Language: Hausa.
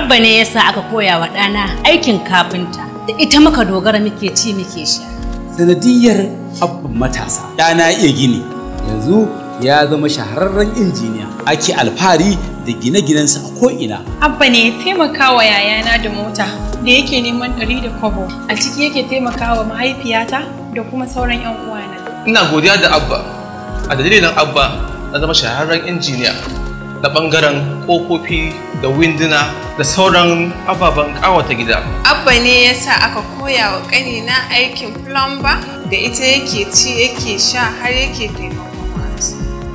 abba ne yasa aka koya wa ɗana aikin kafinta da ita muka dogara muke ci muke sha sanadiyar Abba matasa ɗana iya gini yanzu ya zama shahararren injiniya ake alfahari da gine-ginensa a ko'ina abba ne ya taimaka wa yayana da mota da yake neman ɗari da kwabo a ciki yake taimaka wa mahaifiyata da kuma sauran 'yan uwana ina godiya da abba a dalilin abba na zama shahararren injiniya da ɓangaren kofofi da winduna da sauran ababen ƙawata gida. Abba ne ya sa aka koya wa ƙanina aikin plumber da ita yake ci yake sha har yake taimakon